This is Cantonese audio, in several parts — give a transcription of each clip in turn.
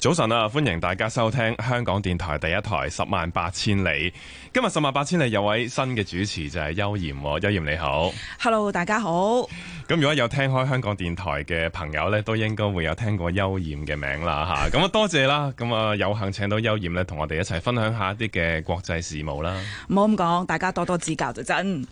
早晨啊，歡迎大家收聽香港電台第一台《十萬八千里》。今日《十萬八千里》有位新嘅主持就係邱艷，邱艷，你好。Hello，大家好。咁如果有聽開香港電台嘅朋友咧，都應該會有聽過邱艷嘅名啦吓。咁啊，多謝啦。咁啊，有幸請到邱艷咧，同我哋一齊分享下一啲嘅國際事務啦。唔好咁講，大家多多指教就真。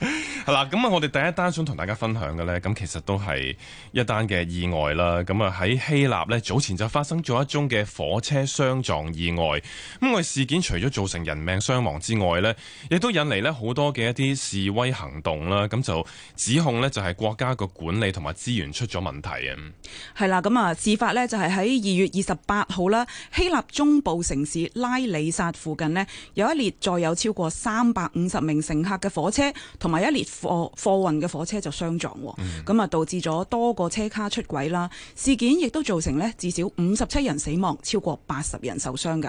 係 啦，咁啊，我哋第一單想同大家分享嘅咧，咁其實都係一單嘅意外啦。咁啊，喺希臘咧，早前就發生咗一宗嘅。火車相撞意外，咁個事件除咗造成人命傷亡之外呢亦都引嚟呢好多嘅一啲示威行動啦。咁就指控呢，就係國家個管理同埋資源出咗問題啊。係啦，咁啊，事發呢，就係喺二月二十八號啦，希臘中部城市拉里薩附近呢有一列載有超過三百五十名乘客嘅火車，同埋一列貨貨運嘅火車就相撞，咁啊、嗯、導致咗多個車卡出軌啦。事件亦都造成呢至少五十七人死亡。超過八十人受傷㗎。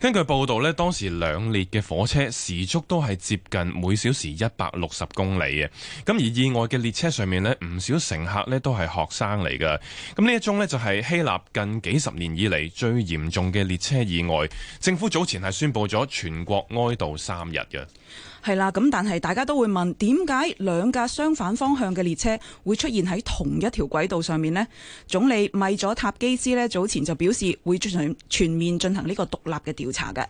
根據報道呢，當時兩列嘅火車時速都係接近每小時一百六十公里嘅。咁而意外嘅列車上面呢，唔少乘客呢都係學生嚟㗎。咁呢一宗呢，就係希臘近幾十年以嚟最嚴重嘅列車意外。政府早前係宣布咗全國哀悼三日嘅。係啦，咁但係大家都會問，點解兩架相反方向嘅列車會出現喺同一條軌道上面呢？總理米佐塔基斯呢，早前就表示會。全面進行呢個獨立嘅調查嘅。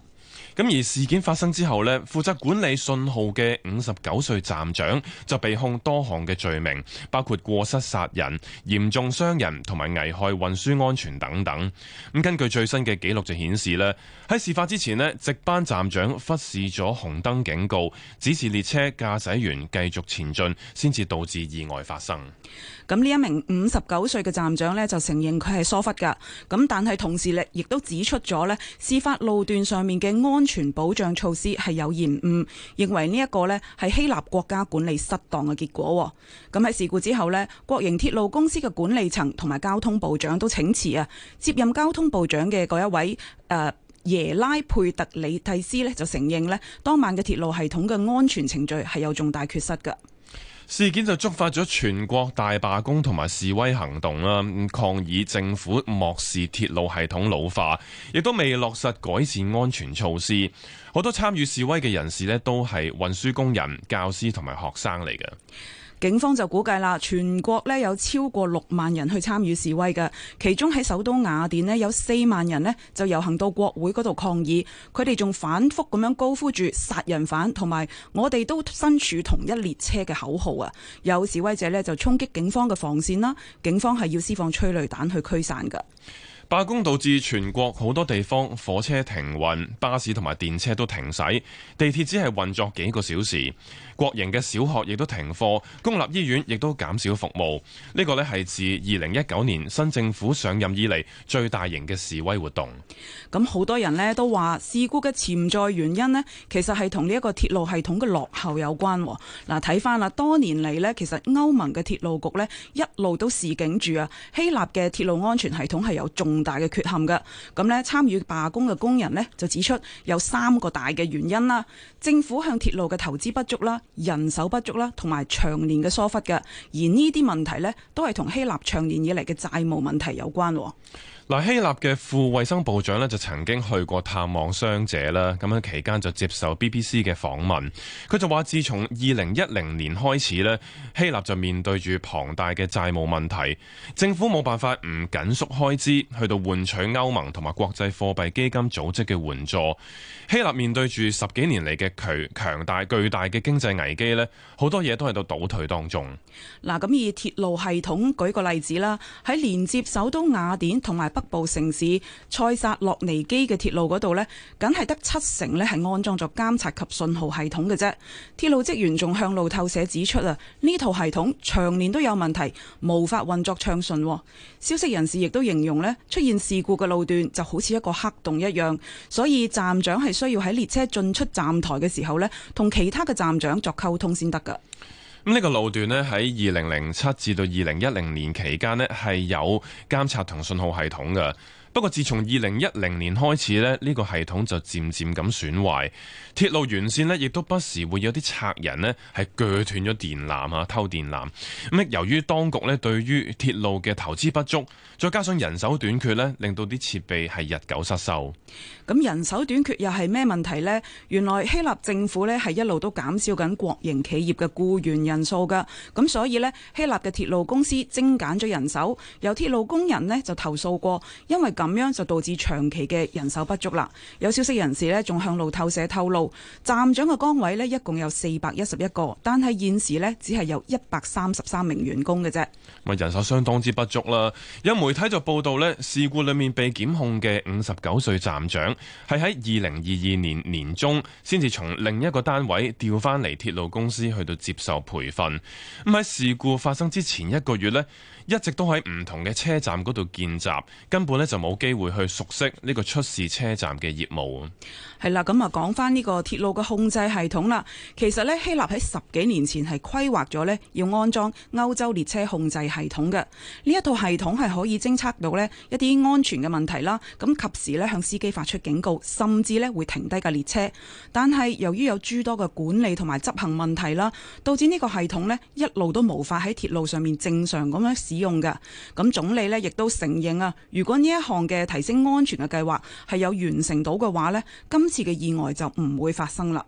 咁而事件發生之後呢負責管理信號嘅五十九歲站長就被控多項嘅罪名，包括過失殺人、嚴重傷人同埋危害運輸安全等等。咁根據最新嘅記錄就顯示呢喺事發之前呢值班站長忽視咗紅燈警告，指示列車駕駛員繼續前進，先至導致意外發生。咁呢一名五十九歲嘅站長呢就承認佢係疏忽噶，咁但係同時亦亦都指出咗呢事發路段上面嘅安。全保障措施係有延誤，認為呢一個咧係希臘國家管理失當嘅結果。咁喺事故之後咧，國營鐵路公司嘅管理層同埋交通部長都請辭啊。接任交通部長嘅嗰一位誒、呃、耶拉佩特里蒂斯咧就承認咧，當晚嘅鐵路系統嘅安全程序係有重大缺失嘅。事件就觸發咗全國大罷工同埋示威行動啦，抗議政府漠視鐵路系統老化，亦都未落實改善安全措施。好多參與示威嘅人士呢都係運輸工人、教師同埋學生嚟嘅。警方就估計啦，全國呢有超過六萬人去參與示威嘅，其中喺首都雅典呢有四萬人呢就遊行到國會嗰度抗議，佢哋仲反覆咁樣高呼住殺人犯同埋我哋都身處同一列車嘅口號啊！有示威者呢就衝擊警方嘅防線啦，警方係要施放催淚彈去驅散噶。罷工導致全國好多地方火車停運，巴士同埋電車都停駛，地鐵只係運作幾個小時，國營嘅小學亦都停課，公立醫院亦都減少服務。呢個呢係自二零一九年新政府上任以嚟最大型嘅示威活動。咁好多人呢都話事故嘅潛在原因呢其實係同呢一個鐵路系統嘅落後有關。嗱，睇翻啦，多年嚟呢其實歐盟嘅鐵路局呢一路都示警住啊，希臘嘅鐵路安全系統係有重大嘅缺陷㗎，咁呢參與罷工嘅工人呢，就指出有三個大嘅原因啦，政府向鐵路嘅投資不足啦、人手不足啦，同埋長年嘅疏忽㗎，而呢啲問題呢，都係同希臘長年以嚟嘅債務問題有關。嗱，希臘嘅副衛生部長呢，就曾經去過探望傷者啦。咁喺期間就接受 BBC 嘅訪問，佢就話：自從二零一零年開始呢，希臘就面對住龐大嘅債務問題，政府冇辦法唔緊縮開支，去到換取歐盟同埋國際貨幣基金組織嘅援助。希臘面對住十幾年嚟嘅強強大巨大嘅經濟危機呢，好多嘢都喺度倒退當中。嗱，咁以鐵路系統舉個例子啦，喺連接首都雅典同埋北。北部城市塞薩洛尼基嘅鐵路嗰度呢，梗係得七成呢係安裝咗監察及信號系統嘅啫。鐵路職員仲向路透社指出啊，呢套系統長年都有問題，無法運作暢順。消息人士亦都形容呢，出現事故嘅路段就好似一個黑洞一樣，所以站長係需要喺列車進出站台嘅時候呢，同其他嘅站長作溝通先得噶。咁呢個路段咧，喺二零零七至到二零一零年期間咧，係有監察同信號系統嘅。不過自從二零一零年開始咧，呢、呢個系統就漸漸咁損壞，鐵路沿線呢，亦都不時會有啲賊人呢係鋸斷咗電纜啊，偷電纜。由於當局咧，對於鐵路嘅投資不足，再加上人手短缺呢，令到啲設備係日久失修。咁人手短缺又係咩問題呢？原來希臘政府呢係一路都減少緊國營企業嘅僱員人數噶，咁所以呢，希臘嘅鐵路公司精簡咗人手，有鐵路工人呢就投訴過，因為。咁樣就導致長期嘅人手不足啦。有消息人士咧，仲向路透社透露，站長嘅崗位呢一共有四百一十一個，但係現時呢只係有一百三十三名員工嘅啫。人手相當之不足啦。有媒體就報道呢，事故裏面被檢控嘅五十九歲站長係喺二零二二年年中先至從另一個單位調翻嚟鐵路公司去到接受培訓。咁喺事故發生之前一個月呢，一直都喺唔同嘅車站嗰度見習，根本呢就冇。冇機會去熟悉呢個出事車站嘅業務啊！係啦，咁啊講翻呢個鐵路嘅控制系統啦。其實呢，希臘喺十幾年前係規劃咗呢要安裝歐洲列車控制系統嘅。呢一套系統係可以偵測到呢一啲安全嘅問題啦，咁及時呢向司機發出警告，甚至呢會停低架列車。但係由於有諸多嘅管理同埋執行問題啦，導致呢個系統呢一路都無法喺鐵路上面正常咁樣使用嘅。咁總理呢亦都承認啊，如果呢一項嘅提升安全嘅計劃係有完成到嘅話呢，今次嘅意外就唔會發生啦。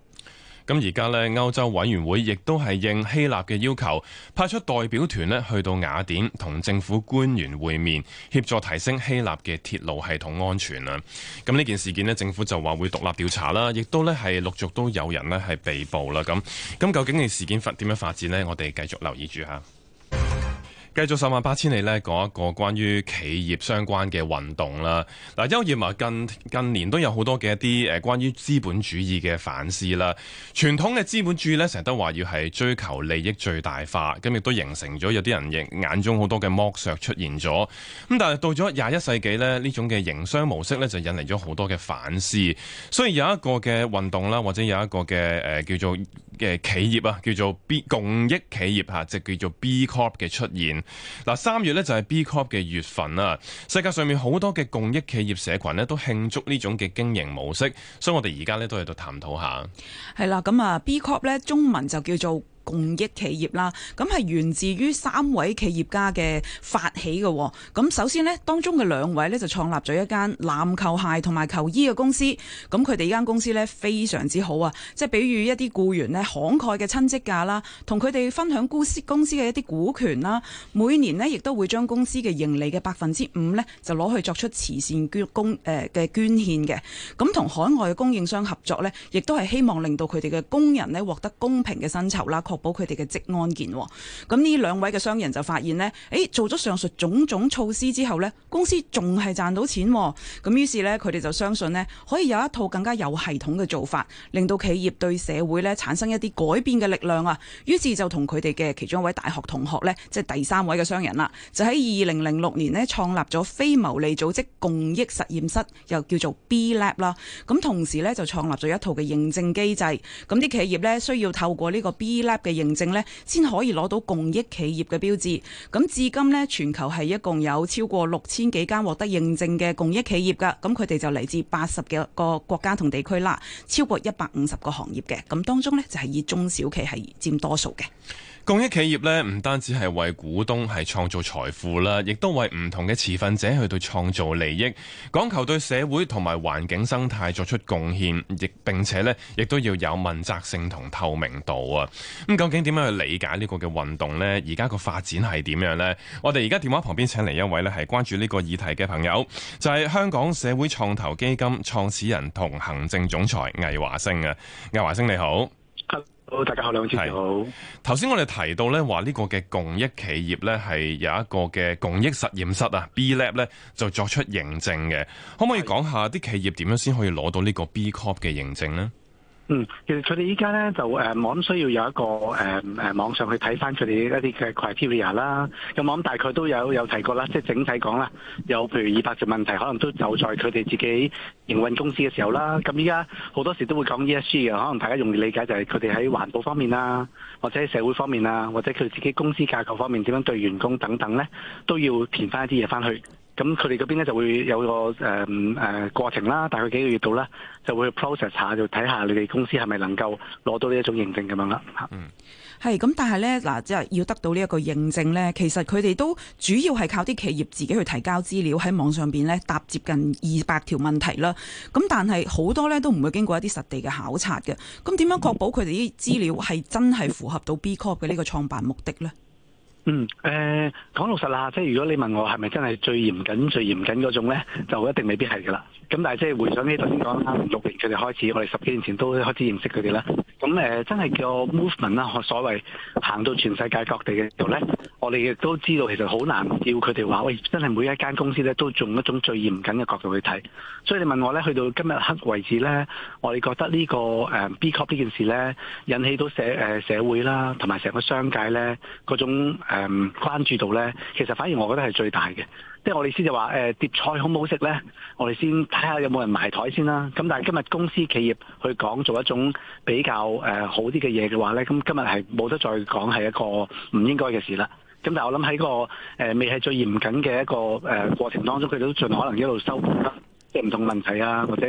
咁而家呢，歐洲委員會亦都係應希臘嘅要求，派出代表團呢去到雅典同政府官員會面，協助提升希臘嘅鐵路系統安全啊。咁呢件事件呢，政府就話會獨立調查啦，亦都呢，係陸續都有人呢，係被捕啦。咁咁究竟呢事件發點樣發展呢？我哋繼續留意住吓。繼續十萬八千里咧，講一個關於企業相關嘅運動啦。嗱，休業啊，近近年都有好多嘅一啲誒，關於資本主義嘅反思啦。傳統嘅資本主義咧，成日都話要係追求利益最大化，咁亦都形成咗有啲人亦眼中好多嘅剝削出現咗。咁但係到咗廿一世紀咧，呢種嘅營商模式咧就引嚟咗好多嘅反思。所以有一個嘅運動啦，或者有一個嘅誒、呃、叫做嘅企業啊，叫做 B 共益企業吓，就叫做 B Corp 嘅出現。嗱，三月咧，就係 B Corp 嘅月份啦。世界上面好多嘅共益企業社群咧，都慶祝呢種嘅經營模式，所以我哋而家咧，都喺度探討下。係啦，咁啊，B Corp 咧中文就叫做。共益企業啦，咁係源自於三位企業家嘅發起嘅。咁首先呢，當中嘅兩位呢就創立咗一間籃球鞋同埋球衣嘅公司。咁佢哋呢間公司呢非常之好啊，即係比喻一啲僱員呢慷慨嘅親職假啦，同佢哋分享公司公司嘅一啲股權啦。每年呢亦都會將公司嘅盈利嘅百分之五呢就攞去作出慈善捐公嘅、呃、捐獻嘅。咁同海外嘅供應商合作呢，亦都係希望令到佢哋嘅工人呢獲得公平嘅薪酬啦。確保佢哋嘅職安健，咁呢兩位嘅商人就發現呢，誒做咗上述種種措施之後呢，公司仲係賺到錢，咁於是呢，佢哋就相信呢，可以有一套更加有系統嘅做法，令到企業對社會咧產生一啲改變嘅力量啊，於是就同佢哋嘅其中一位大學同學呢，即係第三位嘅商人啦，就喺二零零六年呢創立咗非牟利組織共益實驗室，又叫做 B Lab 啦，咁同時呢，就創立咗一套嘅認證機制，咁啲企業呢，需要透過呢個 B Lab。嘅認證咧，先可以攞到共益企業嘅標誌。咁至今呢，全球係一共有超過六千幾間獲得認證嘅共益企業噶。咁佢哋就嚟自八十幾個國家同地區啦，超過一百五十個行業嘅。咁當中呢，就係、是、以中小企係佔多數嘅。共益企業咧唔單止係為股東係創造財富啦，亦都為唔同嘅持份者去到創造利益，講求對社會同埋環境生態作出貢獻，亦並且咧亦都要有問責性同透明度啊！咁究竟點樣去理解呢個嘅運動呢？而家個發展係點樣呢？我哋而家電話旁邊請嚟一位呢係關注呢個議題嘅朋友，就係香港社會創投基金創始人同行政總裁魏華星啊！魏華星你好。好，大家好，兩位主持人好。頭先我哋提到咧，話呢個嘅共益企業咧係有一個嘅共益實驗室啊，B Lab 咧就作出認證嘅，可唔可以講下啲企業點樣先可以攞到呢個 B Corp 嘅認證咧？嗯，其實佢哋依家咧就誒，我諗、呃、需要有一個誒、呃呃、網上去睇翻佢哋一啲嘅 criteria 啦。咁我諗大概都有有提過啦，即係整體講啦。有譬如二百條問題，可能都就在佢哋自己營運公司嘅時候啦。咁依家好多時都會講 ESG 嘅，可能大家容易理解就係佢哋喺環保方面啦，或者喺社會方面啊，或者佢自己公司架構方面點樣對員工等等咧，都要填翻一啲嘢翻去。咁佢哋嗰邊咧就會有個誒誒過程啦，大概幾個月度啦，就會去 process 下，就睇下你哋公司係咪能夠攞到呢一種認證咁樣啦嚇。嗯，係咁，但係咧嗱，即係要得到呢一個認證咧，其實佢哋都主要係靠啲企業自己去提交資料喺網上邊咧答接近二百條問題啦。咁但係好多咧都唔會經過一啲實地嘅考察嘅。咁點樣確保佢哋啲資料係真係符合到 B Corp 嘅呢個創辦目的咧？嗯，誒，講老實啦，即係如果你問我係咪真係最嚴謹、最嚴謹嗰種咧，就一定未必係噶啦。咁但係即係回想起頭先講啦，六年佢哋開始，我哋十幾年前都開始認識佢哋啦。咁誒真係叫 movement 啦，所謂行到全世界各地嘅時候咧，我哋亦都知道其實好難叫佢哋話，喂，欸，真係每一間公司咧都用一種最嚴謹嘅角度去睇。所以你問我咧，去到今日為止咧，我哋覺得呢個 B Corp 呢件事咧，引起到社社會啦，同埋成個商界咧嗰種誒關注度咧，其實反而我覺得係最大嘅。即係我哋先就話誒碟菜好唔好食咧？我哋先睇下有冇人埋台先啦。咁但係今日公司企業去講做一種比較、呃、好啲嘅嘢嘅話咧，咁今日係冇得再講係一個唔應該嘅事啦。咁但係我諗喺個未係最嚴謹嘅一個呃過程當中，佢都盡可能一路收得，即係唔同問題啊，或者。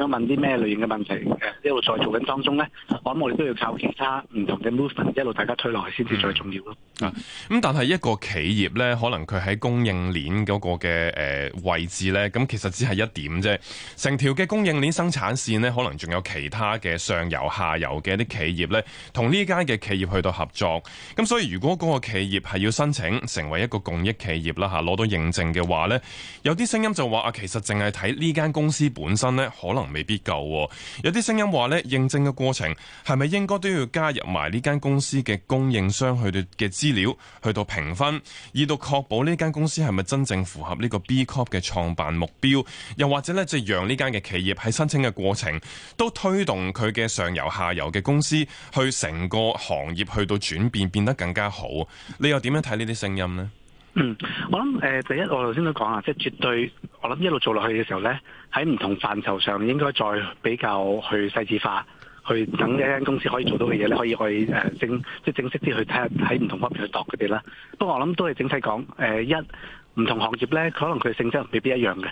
想問啲咩類型嘅問題？一路在做緊當中呢我諗，咁我哋都要靠其他唔同嘅 movement，一路大家推落去先至最重要咯。咁、嗯、但係一個企業呢，可能佢喺供應鏈嗰個嘅誒、呃、位置呢，咁其實只係一點啫。成條嘅供應鏈生產線呢，可能仲有其他嘅上游、下游嘅一啲企業呢，同呢間嘅企業去到合作。咁所以如果嗰個企業係要申請成為一個共益企業啦吓，啊，攞到認證嘅話呢，有啲聲音就話啊，其實淨係睇呢間公司本身呢，可能。未必夠，有啲聲音話呢，認證嘅過程係咪應該都要加入埋呢間公司嘅供應商去到嘅資料，去到評分，以到確保呢間公司係咪真正符合呢個 B Corp 嘅創辦目標？又或者呢，就讓呢間嘅企業喺申請嘅過程都推動佢嘅上游下游嘅公司，去成個行業去到轉變，變得更加好？你又點樣睇呢啲聲音呢？嗯，我諗誒，第一我頭先都講啊，即係絕對，我諗一路做落去嘅時候咧，喺唔同範疇上應該再比較去細緻化，去等一間公司可以做到嘅嘢咧，可以去誒正即係正式啲去睇下喺唔同方面去度佢哋啦。不過我諗都係整體講，誒一唔同行業咧，可能佢性質未必一樣嘅。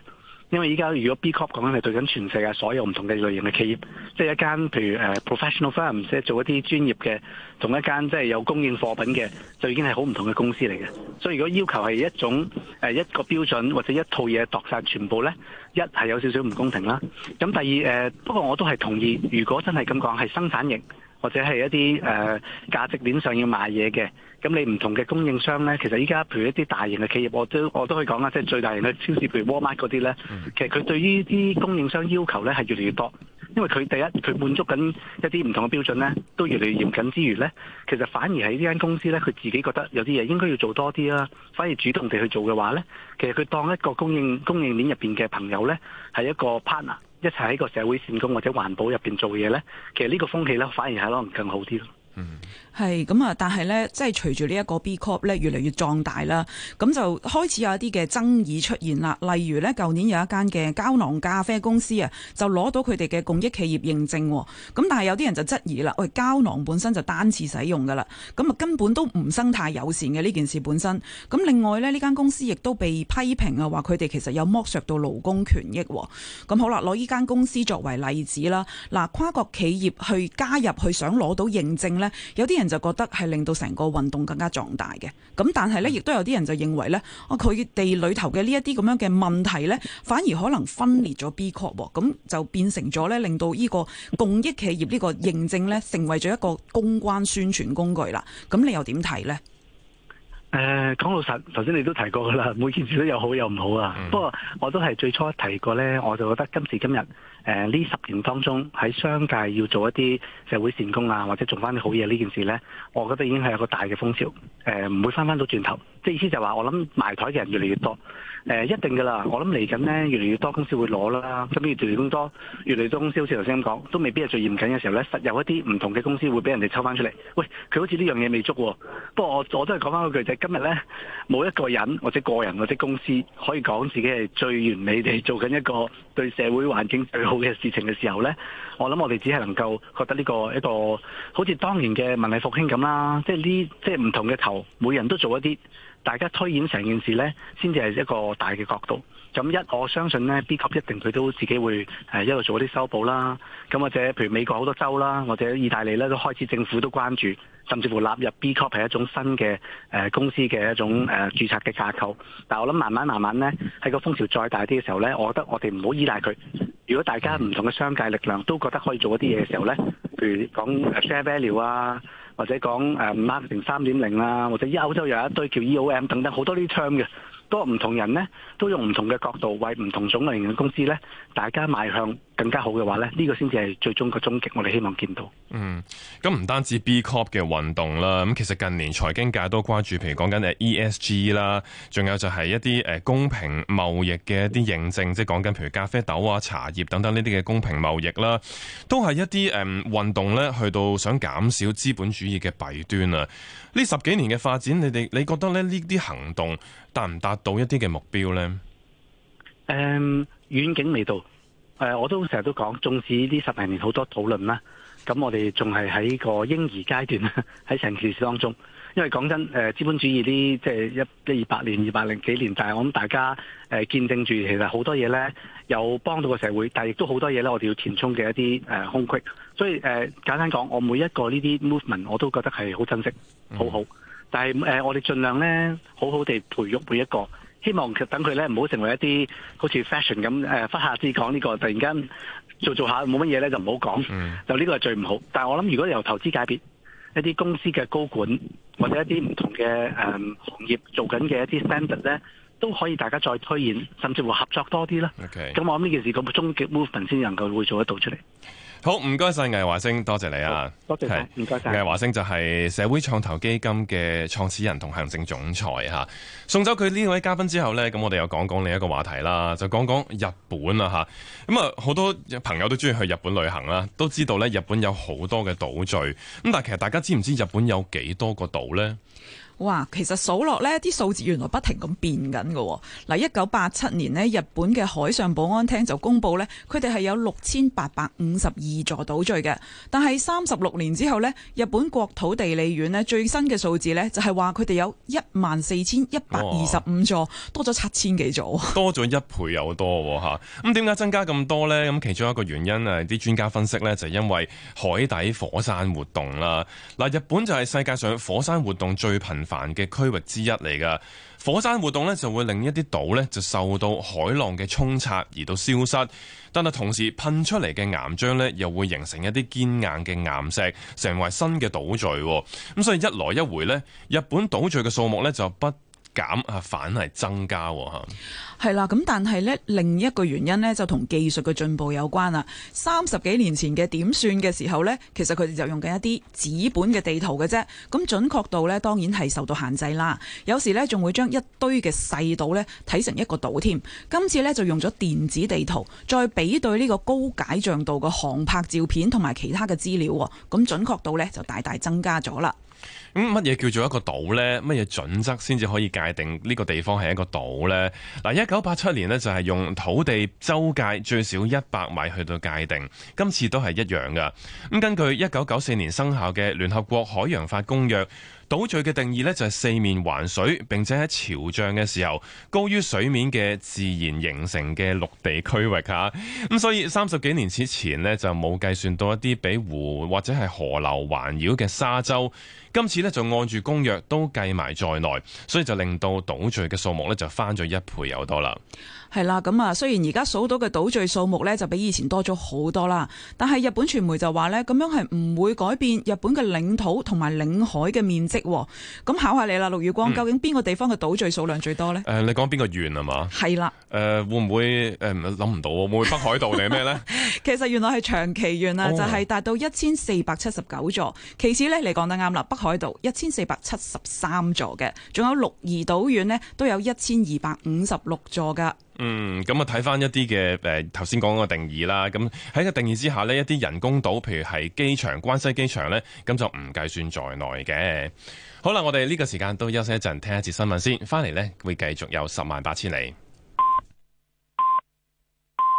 因為依家如果 B Corp 講緊係對緊全世界所有唔同嘅類型嘅企業，即係一間譬如、啊、professional firm 即係做一啲專業嘅，同一間即係有供應貨品嘅，就已經係好唔同嘅公司嚟嘅。所以如果要求係一種、呃、一個標準或者一套嘢度晒全部咧，一係有少少唔公平啦。咁第二誒、呃，不過我都係同意，如果真係咁講係生產型。或者係一啲誒、呃、價值鏈上要買嘢嘅，咁你唔同嘅供應商咧，其實依家譬如一啲大型嘅企業，我都我都可以講啦，即係最大型嘅超市，譬如 Walmart 嗰啲咧，嗯、其實佢對於啲供應商要求咧係越嚟越多，因為佢第一佢滿足緊一啲唔同嘅標準咧，都越嚟越嚴謹之餘咧，其實反而喺呢間公司咧，佢自己覺得有啲嘢應該要做多啲啦、啊，反而主動地去做嘅話咧，其實佢當一個供應供應鏈入面嘅朋友咧，係一個 partner。一齊喺個社會善工或者環保入邊做嘢咧，其實呢個風氣咧，反而係可能更好啲咯。嗯，係咁啊，但係咧，即係隨住呢一個 B Corp 咧，越嚟越壯大啦，咁就開始有一啲嘅爭議出現啦。例如咧，舊年有一間嘅膠囊咖啡公司啊，就攞到佢哋嘅共益企業認證，哦，咁但係有啲人就質疑啦，喂，膠囊本身就單次使用噶啦，咁啊根本都唔生態友善嘅呢件事本身。咁另外咧，呢間公司亦都被批評啊，話佢哋其實有剝削到勞工權益，哦。咁好啦，攞呢間公司作為例子啦，嗱、啊，跨國企業去加入去想攞到認證咧。有啲人就覺得係令到成個運動更加壯大嘅，咁但係咧，亦都有啲人就認為咧，啊佢哋裏頭嘅呢一啲咁樣嘅問題咧，反而可能分裂咗 B Corp，咁就變成咗咧，令到呢個共益企業呢個認證咧，成為咗一個公關宣傳工具啦。咁你又點睇咧？誒、講老實，頭先你都提過噶啦，每件事都有好有唔好啊。嗯、不過我都係最初一提過呢，我就覺得今時今日，誒、呃、呢十年當中喺商界要做一啲社會善工啊，或者做翻啲好嘢呢件事呢，我覺得已經係有個大嘅風潮，唔、呃、會翻返到轉頭。即係意思就話，我諗埋台嘅人越嚟越多。誒、呃、一定㗎啦，我諗嚟緊呢，越嚟越多公司會攞啦。咁越嚟越多，越嚟越多公司好似頭先咁講，都未必係最嚴謹嘅時候呢，實有一啲唔同嘅公司會俾人哋抽翻出嚟。喂，佢好似呢樣嘢未捉喎，哦。不過我我都係講翻嗰句，就係今日呢，冇一個人或者個人或者公司可以講自己係最完美地做緊一個對社會環境最好嘅事情嘅時候呢，我諗我哋只係能夠覺得呢、這個一個好似當年嘅文藝復興咁啦。即係呢，即係唔同嘅頭，每人都做一啲，大家推演成件事呢，先至係一個。大嘅角度，咁一我相信呢 b 股一定佢都自己會誒、呃、一路做啲修補啦。咁或者譬如美國好多州啦，或者意大利咧都開始，政府都關注，甚至乎納入 B 股係一種新嘅誒、呃、公司嘅一種誒注冊嘅架構。但係我諗慢慢慢慢呢，喺個風潮再大啲嘅時候呢，我覺得我哋唔好依賴佢。如果大家唔同嘅商界力量都覺得可以做一啲嘢嘅時候呢，譬如講 Share Value 啊，或者講誒 m a r k 三點零啊，或者而洲又有一堆叫 EOM 等等好多啲槍嘅。多唔同人呢，都用唔同嘅角度，為唔同種類嘅公司呢，大家邁向，更加好嘅話咧，呢個先至係最終嘅終極，我哋希望見到。嗯，咁唔單止 B Corp 嘅運動啦，咁其實近年財經界都關注，譬如講緊 ESG 啦，仲有就係一啲誒公平貿易嘅一啲認證，即係講緊譬如咖啡豆啊、茶葉等等呢啲嘅公平貿易啦，都係一啲誒運動咧，去到想減少資本主義嘅弊端啊。呢十幾年嘅發展，你哋你覺得咧呢啲行動達唔達到一啲嘅目標呢？誒、嗯，遠景未到。誒、呃，我都成日都講，縱使呢十零年好多討論啦，咁我哋仲係喺個嬰兒階段，喺成件事當中。因為講真，誒、呃、資本主義呢，即係一一二百年、二百零幾年，但係我諗大家誒、呃、見證住，其實好多嘢咧有幫到個社會，但係亦都好多嘢咧，我哋要填充嘅一啲誒、呃、空隙。所以誒、呃，簡單講，我每一個呢啲 movement 我都覺得係好珍惜，好好。但係誒、呃，我哋盡量咧好好地培育每一個。希望等佢咧唔好成為一啲好似 fashion 咁誒忽下之講呢個，突然間做做下冇乜嘢咧就唔好講。Mm. 就呢個係最唔好。但係我諗如果由投資界別一啲公司嘅高管或者一啲唔同嘅誒、嗯、行業做緊嘅一啲 standard 咧，都可以大家再推演，甚至會合作多啲啦。咁 Okay. 我諗呢件事個終極 movement 先能夠會做得到出嚟。好，唔該晒魏華星，多謝你啊，多謝晒，唔該晒。魏華星就係社會創投基金嘅創始人同行政總裁吓。送走佢呢位嘉賓之後呢，咁我哋又講講另一個話題啦，就講講日本啦吓。咁啊，好多朋友都中意去日本旅行啦，都知道呢日本有好多嘅島嶼。咁但係其實大家知唔知日本有幾多個島呢？哇，其實數落呢啲數字原來不停咁變緊嘅。嗱，一九八七年呢，日本嘅海上保安廳就公布呢，佢哋係有六千八百五十二座島嶼嘅。但係三十六年之後呢，日本國土地理院呢，最新嘅數字呢，就係話佢哋有一萬四千一百二十五座，多咗七千幾座。多咗一倍有多吓，咁點解增加咁多呢？咁其中一個原因啊，啲專家分析呢，就係因為海底火山活動啦。嗱，日本就係世界上火山活動最頻。繁嘅區域之一嚟㗎，火山活動呢就會令一啲島呢就受到海浪嘅沖刷而到消失，但係同時噴出嚟嘅岩漿呢又會形成一啲堅硬嘅岩石，成為新嘅島嶼。咁所以一來一回呢，日本島嶼嘅數目呢就不減啊反而增加吓，係啦。咁但係呢，另一個原因呢，就同技術嘅進步有關啦。三十幾年前嘅點算嘅時候呢，其實佢哋就用緊一啲紙本嘅地圖嘅啫，咁準確度呢，當然係受到限制啦。有時呢，仲會將一堆嘅細島呢睇成一個島添。今次呢，就用咗電子地圖，再比對呢個高解像度嘅航拍照片同埋其他嘅資料，咁準確度呢，就大大增加咗啦。咁乜嘢叫做一個島呢？乜嘢準則先至可以界定呢個地方係一個島呢？嗱，一九八七年呢，就係用土地周界最少一百米去到界定，今次都係一樣噶。咁根據一九九四年生效嘅聯合國海洋法公約。島嶼嘅定義咧就係四面環水，並且喺潮漲嘅時候高於水面嘅自然形成嘅陸地區域吓，咁所以三十幾年之前呢就冇計算到一啲俾湖或者係河流環繞嘅沙洲，今次呢就按住公約都計埋在內，所以就令到島嶼嘅數目呢就翻咗一倍有多啦。係啦，咁啊，雖然而家數到嘅島嶼數目咧就比以前多咗好多啦，但係日本傳媒就話咧，咁樣係唔會改變日本嘅領土同埋領海嘅面積。咁考下你啦，陸宇光，嗯、究竟邊個地方嘅島嶼數量最多呢？誒、呃，你講邊個縣係嘛？係啦的，誒、呃，會唔會誒諗唔到？會，會北海道定係咩呢？ 其實原來係長崎縣啊，oh. 就係達到一千四百七十九座，其次呢，你講得啱啦，北海道一千四百七十三座嘅，仲有鹿兒島縣呢，都有一千二百五十六座噶。嗯，咁啊睇翻一啲嘅誒頭先講個定義啦，咁喺個定義之下呢，一啲人工島，譬如係機場、關西機場呢，咁就唔計算在內嘅。好啦，我哋呢個時間都休息一陣，聽一次新聞先，翻嚟呢，會繼續有十萬八千里。